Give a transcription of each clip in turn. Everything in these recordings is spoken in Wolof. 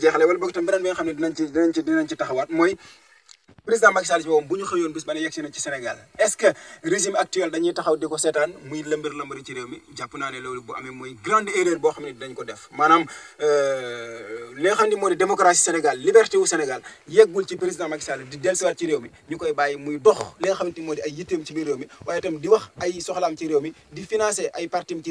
jeexale wala boog tam beneen bi nga xam ne dinañ ci dinañ ci dinañ ci taxawaat mooy président Macky Sall moom bu ñu xëyoon bis ba ne yegsi na est-ce que régime actuel dañuy taxaw di ko seetaan muy lëmbër lëmbëri ci réew mi jàpp naa ne loolu bu amee mooy grande erreur boo xam ne dañ ko def maanaam euh, li xam ne moo di Sénégal liberté wu Sénégal yeggul ci président Macky Sall di dellusiwaat ci réew mi ñu koy bàyyi muy dox li nga xamante moo ay yitteem ci biir réew mi waaye itam di wax ay soxlaam ci réew mi di financer ay partim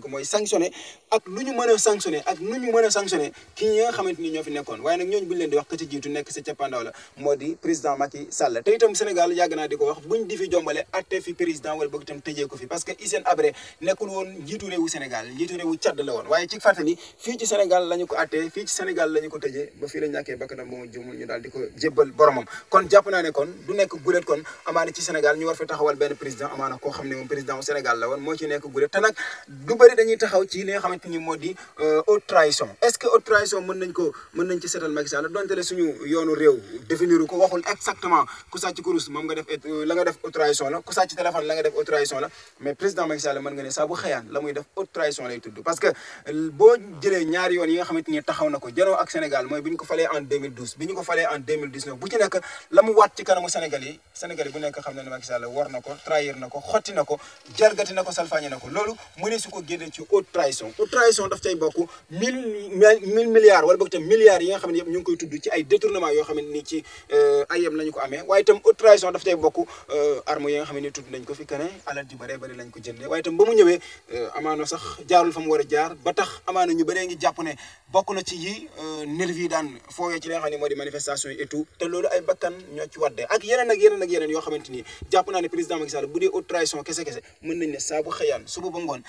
ko mooy sanctionné ak lu ñu mën a sanctionné ak nu ñu mën a sanctionné ki ñi nga xamante ni ñoo fi nekkoon waaye nag ñooñu buñ leen di wax ka jiitu nekk sa cappaandaw moo di président Macky Sall te itam Sénégal yàgg naa di ko wax buñ di fi jombale atte fi président wala bëgg tëjee ko fi parce que Hissène Habré nekkul woon njiitu réewu Sénégal njiitu réewu Tchad la woon waaye ci fàttali fii ci Sénégal la ko attee fii ci Sénégal la ko tëjee ba fii la ñàkkee bakkanam moom jëmul ñu daal ñu war bëri dañuy taxaw ci li nga xamante ni moo di euh, haute trahison est-ce que haute trahison mën nañ ko mën nañ ci seetal Macky donte ne suñu yoonu réew définir ko waxul exactement ku sàcc kurus moom nga def euh, la nga def haute trahison la ku sàcc téléphone la nga def haute trahison la mais président Macky Sall nga ne saa bu xëyaan la muy def haute trahison lay tudd parce que euh, boo jëlee ñaari yoon yi nga xamante ni taxaw na ko janoo ak Sénégal mooy bi ñu ko falee en bi ñu considéré ci haute trahison haute trahison daf cay bokk mille mille milliards wala tam milliards yi nga xam ne yëpp ñu euh, euh, yi nga xam tudd ba euh, a jaar ba tax amaana ñu bëree ngi ci ay bakkan ñoo ci waddee ak yoo xamante ni jàpp naa ne président Macky bu dee haute trahison kese kese mën nañ ne saa bu suba ba ngoon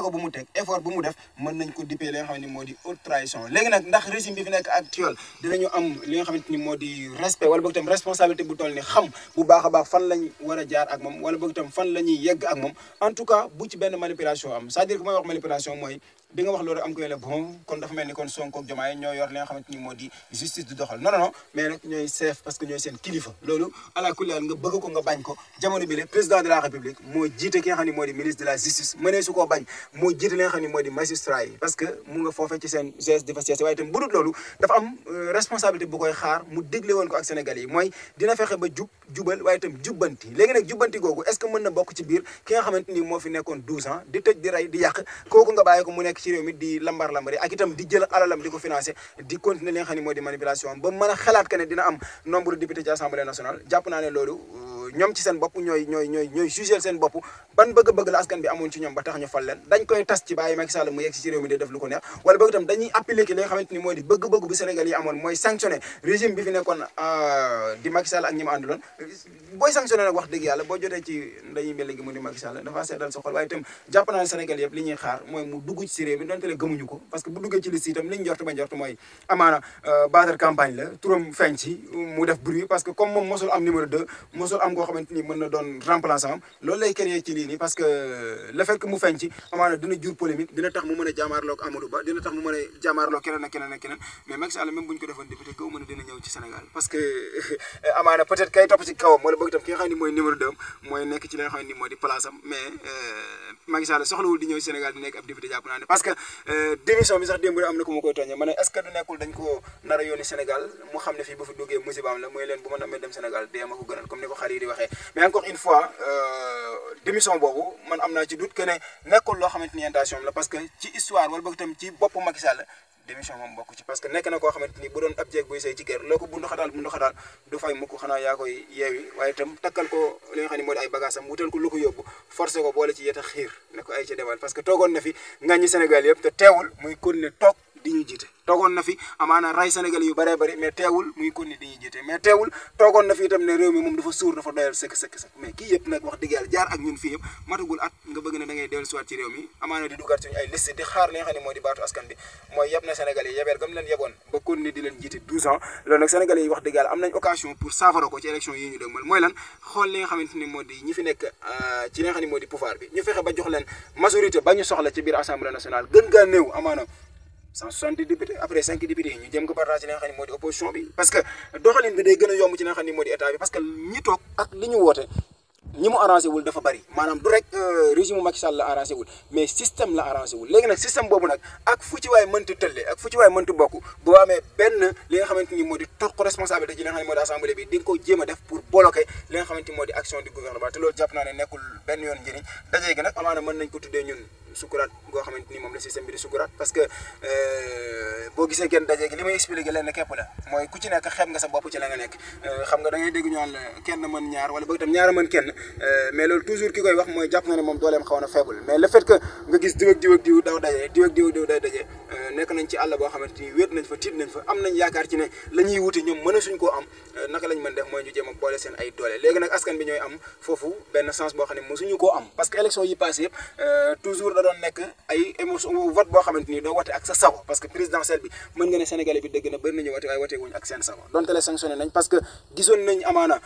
jéego bu mu teg effort bu mu def mën nañ ko dippee li nga xam ne moo di haute trahison léegi nag ndax régime bi fi nekk actuel dinañu am li nga xamante ni moo di respect wala boog tam responsabilité bu toll ni xam bu baax baax fan lañ war a jaar ak moom wala boog tam fan la ñuy yegg ak moom en tout cas bu ci benn manipulation am c'est-à-dire que mooy wax manipulation mooy di nga wax loolu am ko la bon kon dafa mel ni kon Sonko ak Diomaye ñoo yor li nga xamante ni moo di justice du doxal non non non mais nag ñooy chef parce que ñooy seen kilifa loolu ala kulli nga bëgg ko nga bañ ko jamono bi le président de la république moo jiite ki nga xam ne moo di ministre de la justice mënee su koo bañ moo jiite li nga xam ne moo di magistrat yi parce que mu nga foofee ci seen geste di fa seesi waaye itam bu dul loolu dafa am euh, responsabilité bu koy xaar mu dégle woon ko ak Sénégalais yi mooy dina fexe ba jub jubal waaye itam jubbanti léegi nag jubbanti googu est ce que mën na bokk ci biir ki nga xamante ni moo fi nekkoon 12 ans di tëj di rey di yàq kooku nga bàyyi ko mu nekk ci réew mi di lambar lambari ak itam di jël alalam di ko financer di continuer li nga xamni modi manipulation ba mëna xalaat que ne dina am nombre de députés ci assemblée nationale japp naa ne loolu euh, ñom ci seen bop ñoy ñoy ñoy ñoy juger seen bop ban bëgg bëgg la askan bi amoon ci ñom ba tax ñu fal leen dañ koy tas ci baye Macky Sall mu yex ci réew mi di def lu ko neex wala bëgg tam dañuy appeler ki nga xamanteni moy di bëgg bëgg bu Sénégal yi amoon moy sanctionner régime bi fi nekkon euh di Macky Sall ak ñima andulon booy sanctionné wax dëgg yàlla boo jotee ci ndayu mbel gi mu di Macky Sall dafa seetal sa waaye itam jàpp naa Sénégal yëpp li ñuy xaar mooy mu dugg ci réew mi euh, doon remplaçant am euh, mu ñu ko defoon député gëw mën dina ñëw ci Sénégal parce que amaana peut kay topp ci kawam bëgg itam ki nga xam ne mooy numéro 2 am mooy nekk ci li nga xam ne di place am mais euh, Macky Sall soxlawul di ñëw Sénégal di nekk ab député jàpp naa ne parce que euh, démission xam ne fii ba fi duggee euh, boobu man am naa ci doute que ne loo xamante ni la parce que ci histoire wala bëgg itam ci bopp Macky Sall démission moom parce que nekk na koo xamante ni bu doon ab jeeg buy sëy ci kër loo ko bundu du fay mukk xanaa yaa koy waaye itam takkal ko li nga xam ay bagage wutal ko lu ko yóbbu ko boole ci yeta xiir ne ay ci demal parce que toogoon na fi nga ñi Sénégal yëpp te teewul muy kon toog di ñu jiite toogoon na fi amaana ray Sénégal yu bëree bëri mais teewul muy kon ni di ñu jiite mais teewul toogoon na fi itam ne réew mi moom dafa suur dafa doyal sëkk sëkk sëkk mais kii yëpp nag wax dëgg jaar ak ñun fii yëpp di dugaat suñu ay liste di xaar li nga xam ne mooy di baatu askan bi mooy yeb na Sénégal yi yebeer gam leen yeboon ba kon ni di leen jiite 12 ans loolu nag Sénégal yi wax dëgg am nañ occasion pour saafara ko ci élection yi ñu dëgmal mooy lan xool li xamante ni moo di ñi fi nekk euh, ci li bi ñu fexe ba jox leen majorité ba ñu soxla ci biir assemblée nationale gën 170 députés après 5 députés nous jëm ko parce que doxalin bi day a parce que nous avons ak arrangé wul dafa bari manam du rek euh, régime Macky Sall la arrangé wul mais système la arrangé wul légui système bobu nak ak fu ci way le ak fu ci way bokku bo amé ben li nga xamanteni modi ci nga assemblée bi pour bloquer li nga action du gouvernement té loolu japp ne yoon dajé gi nak amana mën sukuraat goo xamante ni moom la système bi di sukuraat parce que euh, boo gisee kenn daje gi li may expliqué leen képp la mooy ku ci nekk xeeb nga sa bopp ci la nga nekk euh, xam nga da ngay dégg ñu naan kenn mën ñaar wala boog itam ñaar a mën kenn euh, mais loolu toujours ki koy wax mooy jàpp na ne moom dooleem xaw na faible mais le fait que nga gis diw ak diw ak diw daw daje diw diw daw daje Euh, nekk nañ ci àll boo xamante ni wéet nañ fa tiit nañ fa am nañ yaakaar ci ne la ñuy wuti ñoom mën a suñ koo am euh, naka lañ mën def mooy ñu jéem boole seen ay doole léegi nag askan bi ñooy am foofu benn sens boo xam ne parce que élection yi passé euh, boo xamante ni doo wote ak sa sago parce que présidentielle bi nga ne sénégalais bi dëgg na bëri nañu wote waaye wote wuñ ak seen sago donte la sanctionné nañ parce que gisoon amaana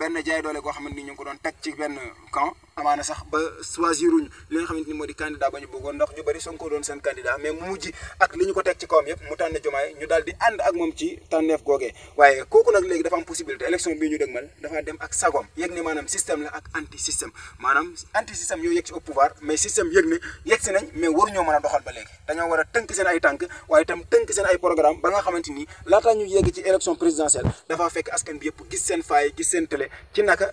benn jaay doole goo xamante ni ko doon teg ci benn camp amaana sax ba choisiruñu li nga xamante ni moo di candidat ba ñu bëggoon ndax ñu bëri Sonko doon seen candidat mais mu mujj ak li ñu ko teg ci kawam yëpp mu tànn Diomaye ñu daal di ànd ak moom ci tànneef googee waaye kooku nag léegi dafa am possibilité élection bii ñu dëgmal dafa dem ak sagom yëg ne maanaam système la ak anti système maanaam anti système yooyu yëg ci au pouvoir mais système yëg ne yëg si nañ mais waruñoo mën a doxal ba léegi dañoo a tënk ni laataa ñu yegg ci élection présidentielle dafa fekk askan bi yëpp gis seen faay gis seen télé ci naka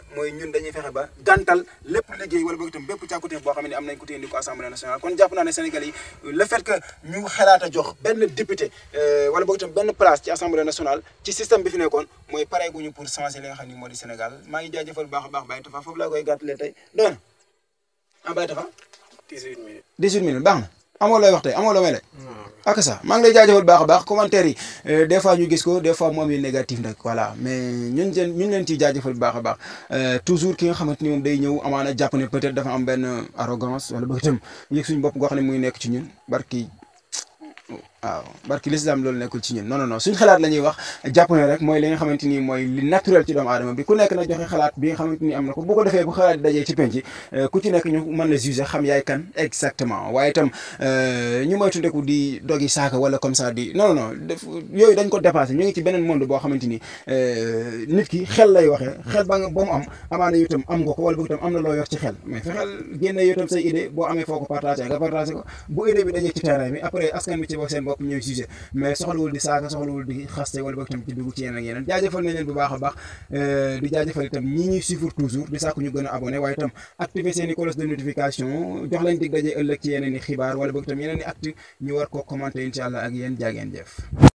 liggéey wala boog itam bépp càkkutéef boo xam ne am nañ ko téye ndi ko assemblée nationale kon jàpp naa ne Sénégal yi le fait que ñu xalaat a jox benn député euh, wala boog itam benn place ci assemblée nationale ci système bi fi nekkoon mooy pare guñu pour changer li moo di Sénégal maa ngi jaajëfal baax a baax Baye Tafa foofu laa koy gàttalee tey doon ah Baye Tafa 18 minutes 18 minutes baax na amoo lay wax tey amoo la may lay. Hmm. ak ça maa ngi lay jaajëfal baax baax commentaire yi euh, des fois ñu gis ko des fois moom yi négatif nag voilà mais ñun seen ñu leen ciy jaajëfal baax a baax euh, toujours ki nga xamante ni day ñëw amaana jàpp ne peut dafa am benn euh, arrogance wala ba itam yëg suñu bopp nekk ci ñun barki waaw barki lislaam loolu nekkul ci ñun non non non suñ xalaat la wax jàpp rek mooy li nga mooy naturel ci doomu aadama bi ku nekk na joxe xalaat bi nga xamante am na ko bu ñu ngi ci beneen monde boo xamante ni euh, nit ki xel lay waxee xel ba nga am na loo yor ci xel mais fexeel génne yow itam say idée boo amee foo ko partagé nga partagé ko bu idée bi dajee ci terrain bi après askan bi ci boog seen sujet mais soxlawul di soxlawul di xaste wala bokk tam ci dugg ci yeneen ak yeneen nañ leen bu baax a baax euh, di jaajëfal itam ñi ñuy suivre toujours de notification jox dig